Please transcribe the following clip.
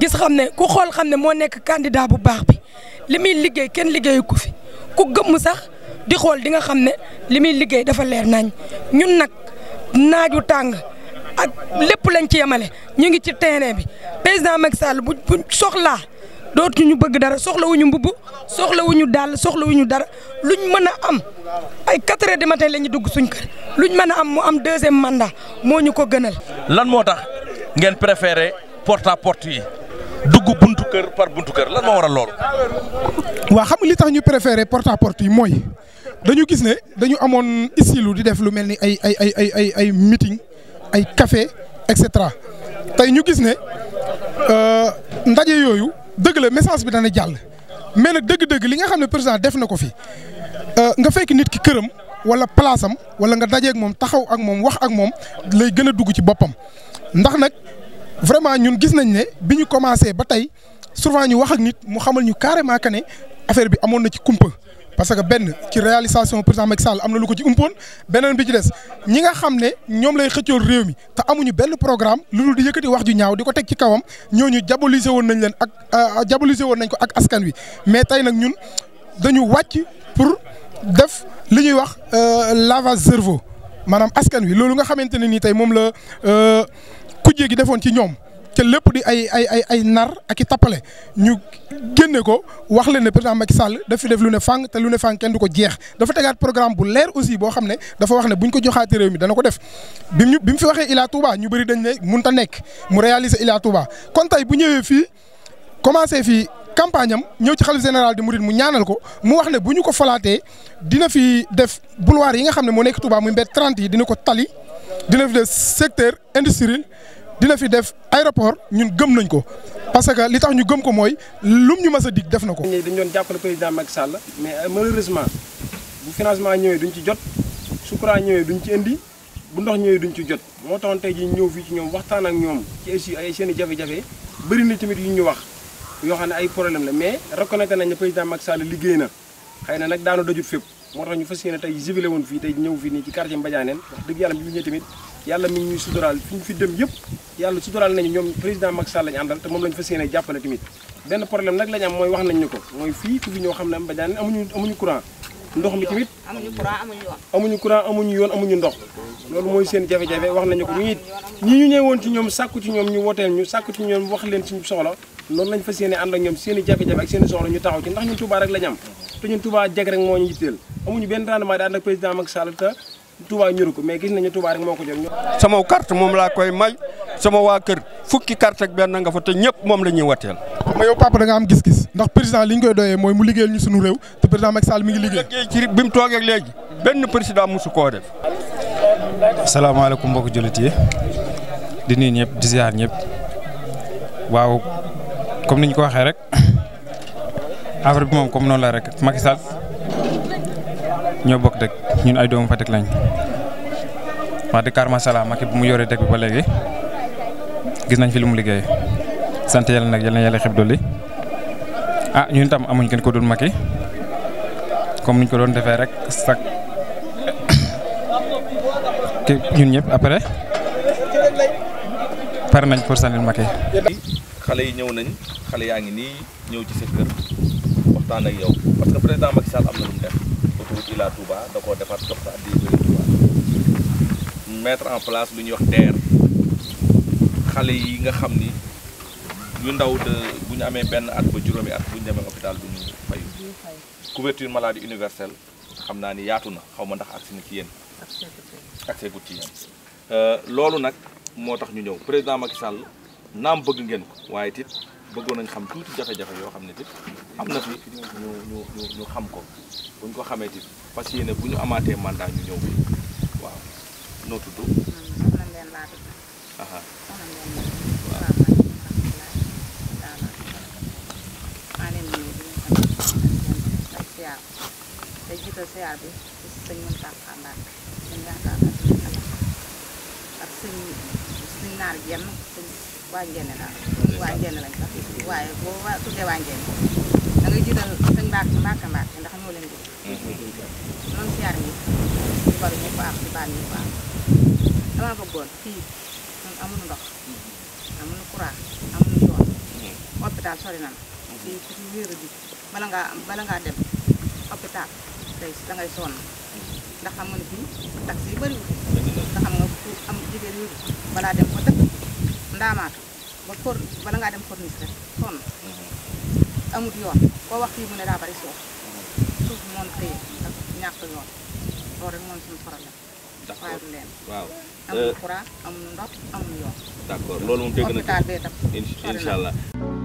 gis xam ne ku xool xam ne moo nekk candidat bu baax bi li muy liggéey kenn liggéeyu fi ku gëmm sax di xool di nga xam ne li muy liggéey dafa leer nañ ñun nag naaju tàng ak lépp lañ ci yemale ñu ngi ci terrain bi président Macky Sall bu bu soxlaa ñu bëgg dara soxla soxlawuñu mbubb soxla wu ñu soxla wu ñu dara luñ mën a am ay 4 heures matin la ñu dugg suñ kër luñ mën a am mu am deuxième mandat moo ñu ko gënal. lan moo tax ngeen préféré porte port porte yi. dugg buntu kër par buntu kër lan moo waral loolu. waa xam nga li tax ñu préféré porte à porte yi mooy dañu gis ne dañu amoon istilu di def lu mel ni ay ay ay ay ay ay meeting ay kafe et cetera tey ñu gis ne euh, ndaje yooyu dëgg la message bi dana jàll mais nag dëgg-dëgg li nga xam ne président def na ko fi euh, nga fekk nit ki këram. wala place am wala nga dajeeg moom taxaw ak moom wax ak moom lay gën a dugg ci boppam ndax nag vraiment ñun gis nañ né biñu commencé ba tay souvent ñu wax ak nit mu xamal ñu carrément que ne affaire bi amon na ci kumpa parce que ben ci réalisation président Macky Sall amna na lu ko ci umpoon benen bi ci dess ñi nga xamné ñom lay xëccol réew mi ta amuñu benn programme lu dul di yëkkati wax ju ñaaw diko tek ci kawam ñoo ñu diaboliser won nañ leen ak euh, diaboliser won nañ ko ak askan wi mais tay nak ñun dañu wacc pour def li ñuy wax euh, lavage cerveau manam askan wi loolu nga xamanteni ni tay mom la euh jéegi defoon ci ñoom te lépp di ay ay ay ay nar ak i tappale ñu génne ko wax leen ne président Sall daf fi ne fang te lu ne fang du ko jeex dafa tegaat programme bu leer aussi boo xam ne dafa wax ne buñ ko joxaate réew mi dana ko def bi mu bi mu fi waxee Ila Touba ñu bëri dañ ne munta nekk mu réaliser Ila Touba kon tey bu ñëwee fii commencé fii campagne am ñëw ci xalif général di Mouride mu ñaanal ko mu wax ne bu ñu ko falaatee dina fi def boulevard yi nga xam ne moo nekk Touba muy mbedd 30 yi dina ko tali dina fi def secteur industriel dina fi def aéroport ñun gëm nañ ko parce que li tax ñu gëm ko mooy lu ñu mës a dig def na ko. dañ doon jàppale président Macky Sall mais euh, malheureusement bu financement ñëwee duñ ci jot su courant ñëwee duñ ci indi bu ndox ñëwee duñ ci jot moo taxoon tey ji ñëw fii ci ñoom waxtaan ak ñoom ci ay seeni i jafe-jafe bëri na tamit yu ñu wax yoo xam ne ay problème la mais reconnaître nañ ne président Macky Sall liggéey na xëy na nag daanu dajut fépp. moo tax ñu fas yéene tey jibile woon fii tey ñëw fii nii ci quartier Mbadianeen wax dëgg yàlla bi ñu ñëwee tamit yàlla mi ngi ñuy sudoral fi ñu fi dem yëpp yàlla sudoral nañu ñoom président Macky Sall lañu àndal te moom lañu fas am mooy wax nañ ñu ko mooy fii ku fi ñoo amuñu courant ndox mi amuñu ndox loolu mooy seen jafe wax nañu ko ñu it ñi ñu ñëwoon ci ñoom sàkku ci ñoom ñu wooteel ñu sàkku ci ñoom wax leen suñu soxla noonu lañ fas ànd ak ñoom seen i jafe-jafe ak seen i soxla ñu taxaw ci ndax ñun Touba rek lañu am te ñun Touba jeg rek moo ñu yitteel mu ñu benn rendement ma ànd ak président Macky Sall te Touba ñuru ko mais gis nañu Touba rek moo ko jël sama carte moom laa koy may sama waa kër fukki carte ak benn nga fa te ñëpp moom la ñuy wateel ma yow papa da nga am gis-gis ndax président li ñu koy doyee mooy mu liggéeyal ñu suñu réew te président Macky Sall mi ngi liggéey ci bi mu toogee léegi benn président mosu koo def asalaamaaleykum mbokk jullit yi di nuyu ñëpp di ziar ñëpp waaw comme ni ñu ko waxee rek affaire bi moom noonu la rek Macky ñoo bok dekk ñun ay doomu Fatick lañ wax de karma sala Macky bu mu yoré dekk bi ba légui gis nañ fi lu mu liggéey sant yalla nak yalla yalla yàlla xib dolli ah ñun tam amuñu gën ko doon Macky comme ñu ko doon défé rek sak sax ñun ñëpp après par nañ pour sanil Macky. xalé yi ñëw nañ xalé yaangi ni nii ñëw ci sa kër waxtaan ak yow parce que président Macky Sall am na lu def. autoroute Ila Touba da koo defar jox ko addi Serigne Touba en place lu ñuy wax DER xale yi nga xam ni yu ndaw bu ñu amee benn at ba juróomi at bu ñu demee hôpital du ñu fayu couverture maladie universelle xam naa ni yaatu na xaw ma ndax agsi na ki yéen accès gut ci euh, loolu nag moo tax ñu ñëw président Macky Sall naam bëgg ngeen ko waaye tit bëggoon nañ xam tuuti jafe-jafe yoo xam ne tit am na fi ñu ñu ñu xam ko buñ ko xamee tit parce que yéen bu ñu amaatee mandat ñu ñëw fi waaw noo tudd. soxna Mbène laa tudd. soxna Mbène maa leen di siyaar te jiital siyaar bi sëñ Mountakha Mbacké sëñ yaakaar ak sëñ sëñ naar jenn sëñ waa ngene daal waangeen lañ sax waaye boo waa tuddee waangeen da ngay jiital sëñ mbàkk mbàkk mbàkk ndax moo leen jël noonu siyaar ñi di balu ñëpp am di baal ñëpp am dama bëggoon fii ñun amuñu ndox amuñu courant amuñu yoon hôpital sori nan fii ku fi wéeru di bala ngaa bala ngaa dem hôpital tey da ngay sonn ndax xam nga ne fii taxi yi bëriwul nga nga am jigéen ñi balaa dem ko dëkk ndaamaatu ba for bala ngaa dem fournisse rek sonn mhm. amut yoon koo wax fii mu ne daa bari suuf mhm. suuf moom xëy ñàkk yoon loolu moom suñu problème waaye du leen waaw amul euh, courant amul ndox amul yoon d'accord loolu moom dégg na hôpital allah